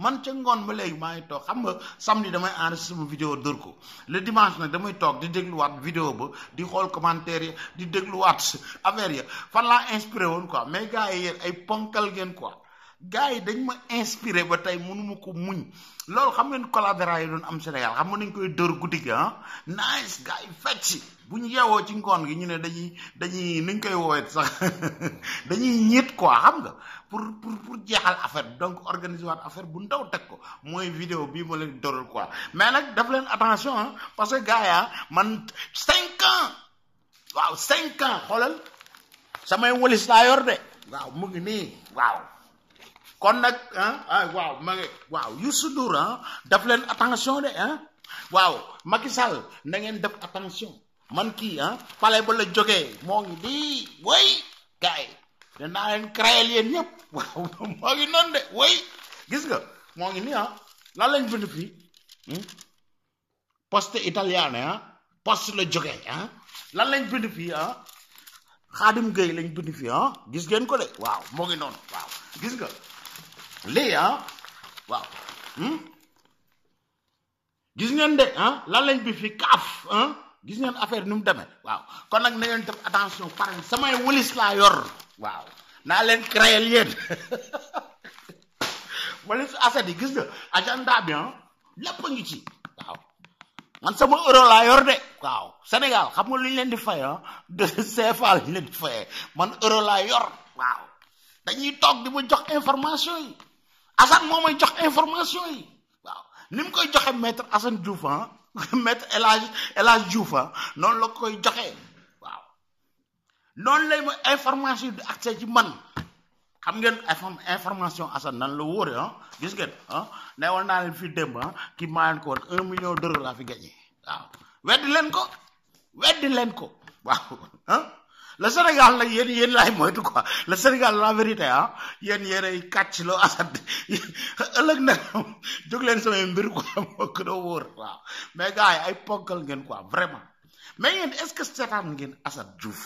man ca ngoon ba léegi maa ngi toog xam nga samedi damay enregistré sama vidéo dër ko le dimanche nag damay toog di dégluwaat vidéo ba di xool commentaire yi di dégluwaat affaire ya fan laa inspiré woon ko mais gars yi ay ponkal ngeen ko gars yi dañ ma inspiré ba tey mënuma ko muñ loolu xam ngeen collaborateurs yi doon am Sénégal xam nañ koy dër guddi gi ah nice gars yi fecc bu ñu yeewoo ci ngoon gi ñu ne dañuy dañuy nuñ koy woowee sax dañuy ñiit quoi xam nga pour pour pour jeexal affaire donc organiser wat affaire bu ndaw tek ko moy vidéo bi mo len dorul quoi mais nak daf len attention hein, parce que gaaya man 5 ans waaw 5 ans xolal sama wolis la yor de waaw mu ngi ni waaw kon nak hein ah waaw ma ngi waaw Youssou Ndour hein daf len attention de hein waaw Macky Sall na ngeen def attention man ki hein palais ba la jógee mo ngi di way gars danaa leen créer yéen ñëpp waaw moo ngi noonu de way gis nga moo ngi nii ah lan lañ bind fii hmm? poste italien ah poste la jógee ah lan lañ bind fii ah xaadim géey lañ bind fii ah gis ngeen ko de waaw moo ngi noonu waaw gis nga lii ah waaw hmm? gis ngeen de ah lan lañ bind fii kaaf ah. gis ngeen affaire num demé waaw kon nak na ngeen def attention pare samay wëlis la yor waaw na len créer lien wëlis aset yi gis nga agenda bi ah lépp ci waaw man sama euro layor yor de waaw Sénégal xam nga lu len di fay hein ah? de CFA lañ di man euro layor, yor waaw dañuy tok di mu jox information yi Assane moo jox information yi waaw nim koy joxe maître Assane ah, maître El Hadj El Hadj ah, noonu la koy joxe waaw noonu lay ma information di accès ci man xam ngeen information Assane nan la wóore ah, gis ngeen ah ne naa leen fi démb ah ki maa leen ko woon un million d'euros laa fi gagné waaw weddi leen ko weddi leen ko waaw ah. le Sénégal nag yéen yéen laay moytu quoi le Sénégal la vérité ah yéen yéenay kàcc loo asat ëllëg nag jóg leen samay mbir quoi moo gën wóor waaw mais gars ay ponkal ngeen quoi vraiment mais yéen est-ce que seetaan ngeen Assane Diouf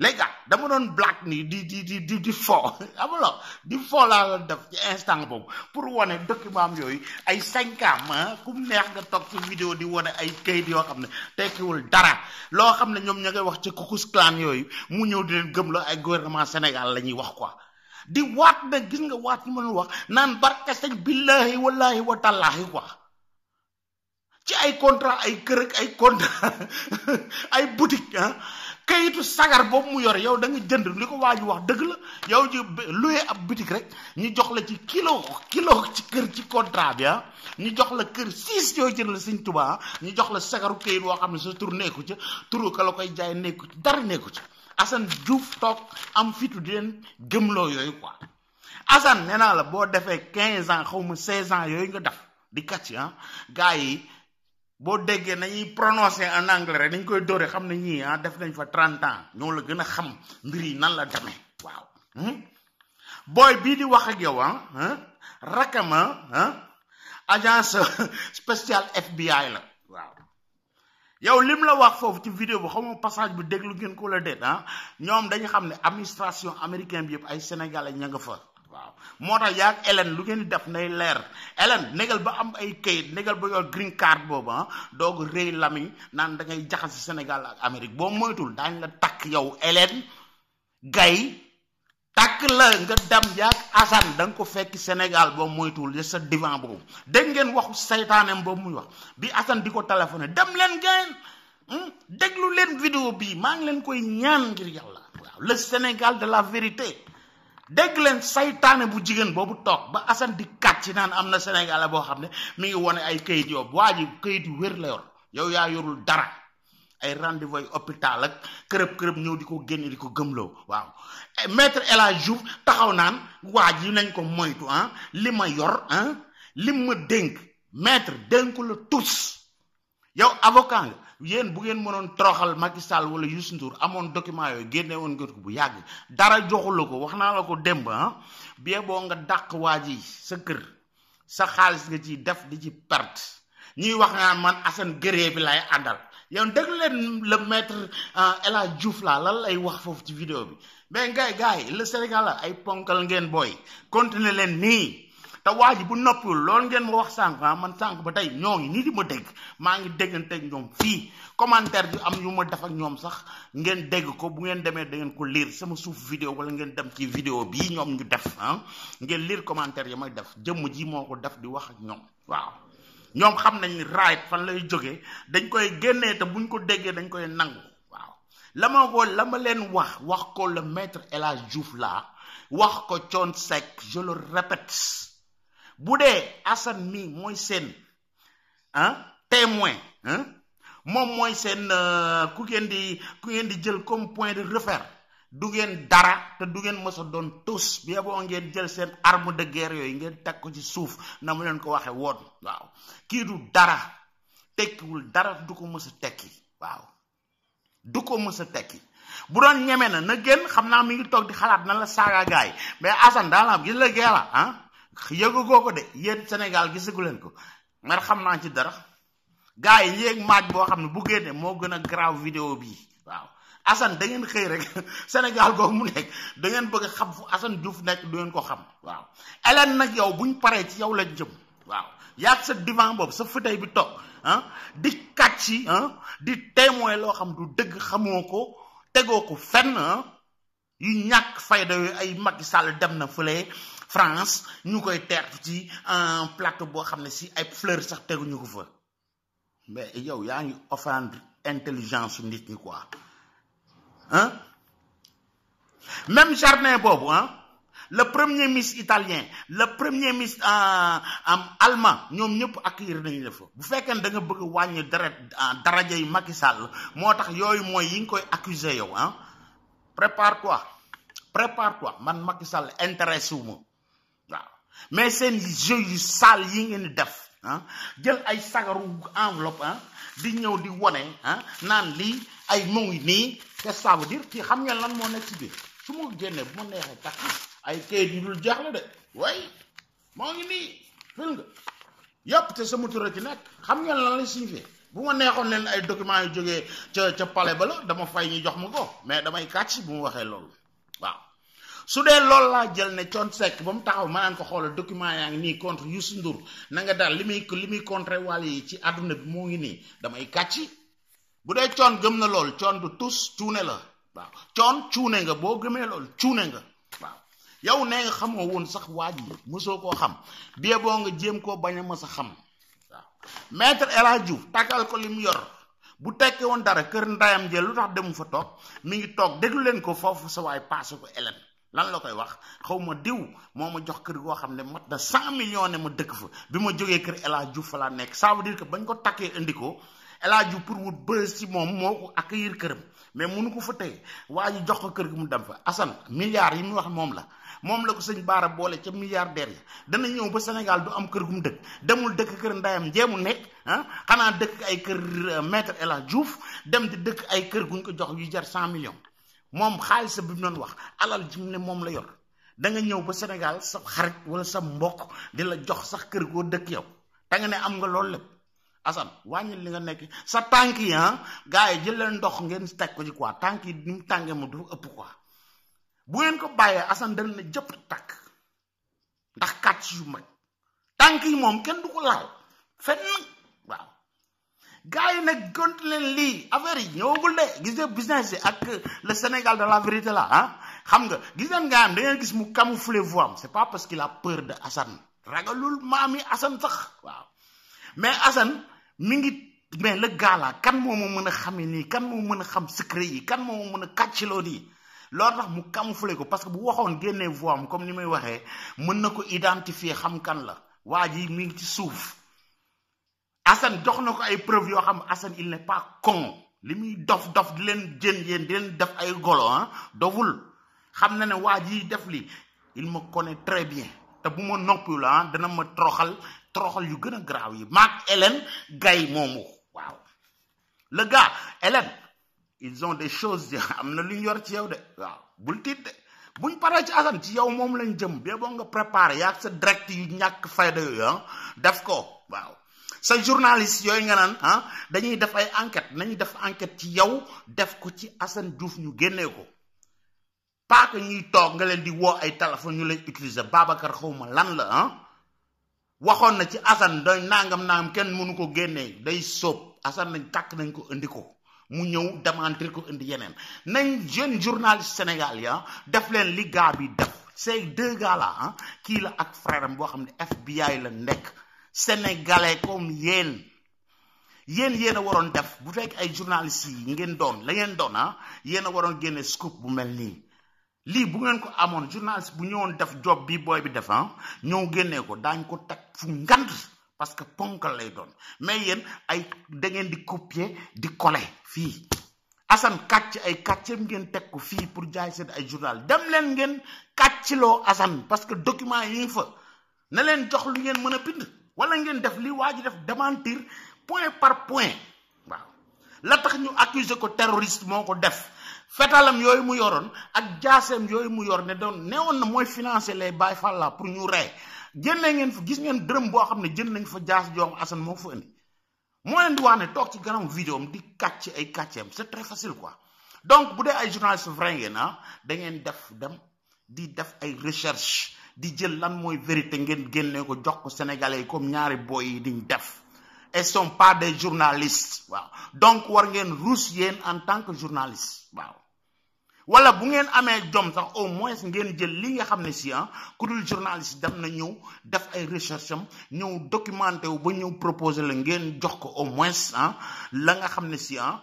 les gars dama doon black nii di di di di di fo amalo di fo laa doon def ci instant boobu pour wane document yooyu ay cinq ans ku neex nga toog ci vidéo di wane ay kayit yoo xam ne tekkiwul dara loo xam ne ñoom ña ngay wax ci Ku Klux yooyu mu ñëw di leen gëm la ay gouvernement Sénégal la ñuy wax quoi di waat nag gis nga waat ñu mënul wax naan barke sëñ billahi wallahi wa tallaahi quoi ci ay contrat ay kër ak ay contrat ay boutique kayitu sagar boobu mu yore yow da jënd li ko waa ji wax dëgg la yow ji loué ab boutique rek ñu jox la ci kilo kilo ci kër ci contrat bi ah. ñu jox la kër siis yoo jënd la sëñ Tuubaa ah. ñu jox la sagaru kayit woo xam ne sa tur nekku ca turu ka la koy jaay nekku ci dara nekku ci Assane Diouf toog am fitu di leen gëmloo yooyu quoi Assane nee la boo defee quinze ans xaw ma seize ans yooyu nga def di kàcc ah gars yi boo déggee nañuy prononcer en anglais rek nañ koy dóore xam ne ñii ah def nañ fa trente ans ñoo la gën a xam mbir yi nan la demee waaw hmm? booy bii di wax ak yow ah, ah rakama ah, ah, agence spéciale FBI la waaw yow lim la wax foofu ci vidéo bi xamoo passage bi déglu ngeen ko la dee ah ñoom dañu xam ne administration américain bi yëpp ay sénégalais ña nga fa waaw moo tax yaag Hélène lu ngeen di def nay leer Hélène négal ba am ay kayit négal ba yor green card boobu ah doog rëy lamiñ naan dangay ngay ci Sénégal ak Amérique boo moytul daañ la takk yow Hélène gay takk la nga dem yaag Assane da nga ko fekki Sénégal boo moytuwul sa divan boobu dégg ngeen waxu saytaaneem boobu muy wax bi Assane di ko téléphone dem leen ngeen hmm, déglu leen vidéo bii maa ngi leen koy ñaan ngir yàlla waaw le Sénégal de la vérité dégg leen saytaane bu jigéen boobu toog ba Assane di kàcc naan am na Sénégalais boo xam ne mi ngi wone ay kayit yoo waa yu kayit yu wér la yor yow yaa yorul dara ay rendez-vous ay hôpital ak kërëb kërëb ñëw di ko génne di ko gëmloo waaw eh, maître El Hadj Diouf taxaw naan waa ji nañ ko moytu ah li ma yor ah li ma dénk metre dénku la tus yow avocat nga yéen bu ngeen mënoon toroxal Macky Sall wala Youssou Ndour amoon document yooyu génne woon nga ko bu yàgg dara joxul ko wax naa la ko démb ah bien boo nga dàq waa ji sa kër sa xaalis nga ciy def di ji perte ñuy wax nga man Assane Gueye bi lay àndal yow déglu leen la maître euh, El Hadj Diouf laa lan lay wax foofu ci vidéo bi mais gars yi gars yi Sénégal ay ponkal ngeen booy continuer leen nii. ta waji bu nopi lol ngeen mo wax sank ah man sank ba tay ñoo ngi nii di ma deg ma ngi degante ak ñom fi commentaire bi am yu ma def ak ñom sax ngeen deg ko bu ngeen deme da ngeen ko lire sama suuf vidéo wala ngeen dem ci vidéo bi ñom ñu def ah ngeen lire commentaire yi ya may def jëm ji moko def di wax ak ñom waaw ñom xam nañ ni raayit fan lay joggé dañ koy génnee te buñ ko déggé dañ koy nang waaw la ma ko la ma leen wax wax ko le maître Elage Diouf la wax ko Thione sec je le répète bu dee Assane mi mooy seen ah témoin ah moom mooy seen euh, ku ngeen di ku ngeen di jël comme point de repère du ngeen dara te du ngeen mës doon tus bi boo ngeen jël seen arme de guerre yooyu ngeen teg ko ci suuf na mu leen ko waxee woon waaw kii du dara tekkiwul dara du ko mës tekki waaw du ko mës tekki bu doon ñeme na na génn xam naa mi ngi toog di xalaat na la saaga gaay mais Assane daal gis la geela yëgu koo ko de yéen Sénégal gisagu leen ko man xam naa ci dara gaa yi yéeg maaj boo xam ne bu génne moo gën a grave vidéo bii waaw Assane dangeen xëy rek Sénégal googu mu nekk da ngeen bëgg xam fu Assane Diouf nekk du ngeen ko xam waaw Hélène nag yow buñ paree ci yow lañ jëm waaw yaag sa divan boobu sa fauteuil bi toog ah di kàcc ah, di témoin loo xam du dëgg xamoo ko tegoo ko fenn ah. yu ñàkk fayda yu ay mag Sall dem na fële France ñu koy teertu ci un euh, plateau boo comme ne si ay certaines sax teguñu ko fa mais yow yaa ngi intelligence nit ñi quoi Hein? même jardin bobo, hein? le premier ministre italien le premier ministre euh, allemand ñoom ñëpp accueillir nañu la fa bu fekkee ne da nga bëgg a direct, dara euh, daraja Macky Sall moi tax yooyu mooy koy accuser yow hein? prépare-toi prépare-toi man Macky Sall intéressé wu mais seen jeu yu sale yi ngeen def ah jël ay sagaru enveloppe ah di ñëw di wone ah naan lii ay moo ngi nii qu'est-ce kii xam ngeen lan moo nekk ci biir su ma génnee bu ma neexee takk ay kayit yu dul jeex la de way moo ngi nii fil nga yëpp te sama tur a ci nekk xam ngeen lan la signifié bu ma neexoon leen ay documents yu jógee ca ca palais ba la dama fay ñu jox ma ko mais damay kàcc bu mu waxee loolu su dee loolu laa jël ne Thione Seck ba mu taxaw ma ko xoolal document yaa ngi nii contre Youssou Ndour na nga daal li muy li muy contre wàll yi ci àdduna bi moo ngi nii damay kàcci bu dee Thione gëm na lool Thione du tus cuune la waaw Thione cuune nga boo gëmee lool cuune nga waaw yow nee nga xamoo woon sax waa ji mosoo koo xam bie boo nga jéem koo bañ a mës xam waaw maître El takkal ko li mu yor bu tekkee woon dara kër ndeyam jël lu tax demu fa toog mi ngi toog déglu leen ko foofu sa waay paase ko elem lan la koy wax xaw ma diw moo ma jox kër goo xam ne mat na cent millions ne ma dëkk fa bi ma jógee kër El Hadj fa laa nekk ça veut dire que bañ ko takkee indi ko El Hadj Diouf pour wut bës si moom moo ko accueillir këram mais munu ko fa tey waa jox ko kër gi mu dem fa Assane milliards yi mu wax moom la moom la ko sëñ Baara boole ca milliardaire ya dana ñëw ba Sénégal du am kër gu mu dëkk demul dëkk kër ndayam jéemu nekk ah xanaa dëkk ay kër euh, maître El Hadj Diouf dem di dëkk ay kër guñ ko jox yu jar cent millions moom xaalis bi mu doon wax alal ji ne moom la yor da nga ñëw ba Sénégal sa xarit wala sa mbokk di la jox sax kër goo dëkk yow da nga ne am nga loolu lépp Assane wàññil li nga nekk sa tànk yi ah gars yi jël leen ndox ngeen teg ko ci quoi tànk yi ni mu tàngee mu dafa ëpp quoi bu ngeen ko bàyyee Assane dana na jëpp takk ndax kàcc yu mag tànk yi moom kenn du ko laal fenn. gars ne nag gont leen lii affaire yi de gis business yi ak le Sénégal de la vérité là ah xam nga gis ngeen nga am da ngeen gis mu camoufler voix am c'est pas parce qu'il a peur de Hassan ragalul mami Hassan Assane waaw mais Hassan mingi, mais le gars là kan mon mon mën a quand mon kan moo mën xam secret yi kan moo ma mën a kàcciloo nii loolu tax mu camoufler ko parce que bu on gagne voix am comme ni may waxee mën na ko identifier xam kan la waa ji ci Assane dox ay preuve yo il n'est pas con dof dof di me def ay golo hein na ne def li il me connaît très bien te bu la ah, ma troxal troxal yu gëna graw yi Hélène gay Momo. waaw le gars Hélène ils ont des choses na lu ñor ci yow de waaw bul de buñ ci Assane ci yow lañ jëm sa direct sa journaliste yooyu nga naan ah dañuy def ay enquête nañu def enquête ci yow def ko ci Assane Diouf ñu génnee ko pas ñuy toog nga leen di woo ay téléphone ñu lay utiliser Babacar xawma lan la ah waxoon na ci Assane day nangam nangam kenn mënu ko génnee day sóob Assane nañ takk nañ ko indi ko mu ñëw démentir ko indi yeneen nañ jeune journaliste Sénégal ya ah, def leen li gaa bi def ces deux gars ah, kii la ak frère boo xam ne FBI la nekk sénégalais comme yéen yéen yéen a waroon def bu fekk ay journalistes yi ngeen doon la ngeen doon ah yéen a waroon génne scoop bu mel nii lii bu ngeen ko amoon journaliste bu ñëwoon def job bi booy bi def ah ñëw génnee ko daañ ko tag fu ngand parce que ponkal lay doon mais yéen ay dangeen di copier di kole fii Assane kàcc ay kàcceem ngeen teg ko fii pour jaay seen ay journal dem leen ngeen kàcciloo Assane parce que document yi ngi fa ne leen jox lu ngeen mën a bind wala ngeen def li waji démentir point par point waaw la tax ñu accuser ko terroriste moko def fétalam yoy mu ak jassem yoy mu yor ne doon néwon na moy financer les la pour ñu ngeen gis ngeen ne nañ fa jass jom Assane di ci vidéo di ay c'est très facile quoi donc ay vrai ah, da ngeen def dem def ay recherche di jël lan mooy vérité ngeen génne ko jox ko sénégalais comme ñaari boy yi diñ def et sont pas des journalistes waaw donc war ngeen ruus yéen en tant que journaliste waaw wala bu ngeen amee jom sax au moins ngeen jël li nga xam ne si ah ku dul journaliste dem na ñëw def ay recherche am ñëw documenté wu ba ñëw proposé la ngeen jox ko au moins ah la nga xam ne si ah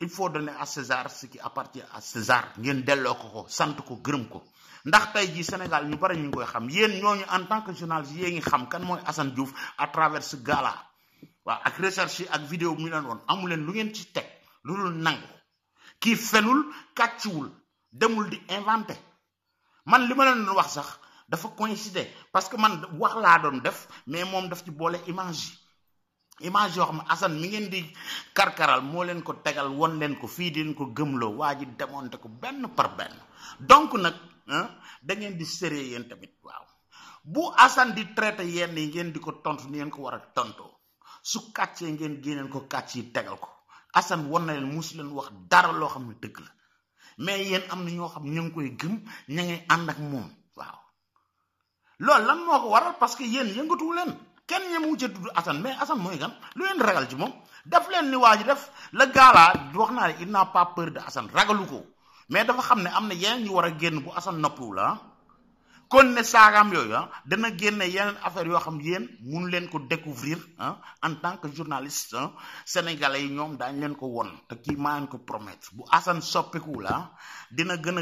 il faut donner à César ce qui appartient à César ngeen delloo ko ko sant ko gërëm ko ndax tey jii Sénégal ñu bari ñu ngi koy xam yéen ñooñu en tant que journaliste yéen ngi xam kan mooy Assane Diouf à travers ce gala waaw ak recherche ak vidéo mu leen woon amu leen lu ngeen ci teg lu dul nangu kii fenul kàcciwul demul di inventé man li ma leen doon wax sax dafa coïncider parce que man wax laa doon def mais moom def ci boole image yi. image yoo xam ne Assane mi ngeen di karkaral moo leen ko tegal won leen ko fii di leen ko gëmloo waa ji demonte ko benn par da ngeen di séré yéen tamit waaw bu Assane di traité yenn yi ngeen di ko tontu ni ngeen ko war a tontoo su kàccee ngeen génneen ko kàcc yi tegal ko Assane won na leen mu musu leen wax dara loo xam ne dëgg la mais yéen am na ñoo xam ñu ngi koy gëm ña ngi ànd ak moom waaw loolu lan moo ko waral parce que yéen yëngatuwu leen kenn ñemu ca tudd asan mais Assane mooy gan lu leen ragal ci moom def leen ni waa ji def la gaalaa wax naa ne il n'a pas peur de Assane ragalu ko mais dafa xam ne am na yeneen yu war a génn bu Assane noppiwu la kon ne saagaam yooyu ah, dana génne yeneen affaire yoo xam yéen mun leen ko découvrir ah, en tant que journaliste ah, sénégalais yi ñoom daañ leen ko won te kii maa leen ko promettre bu Assane soppikuwu la dina gën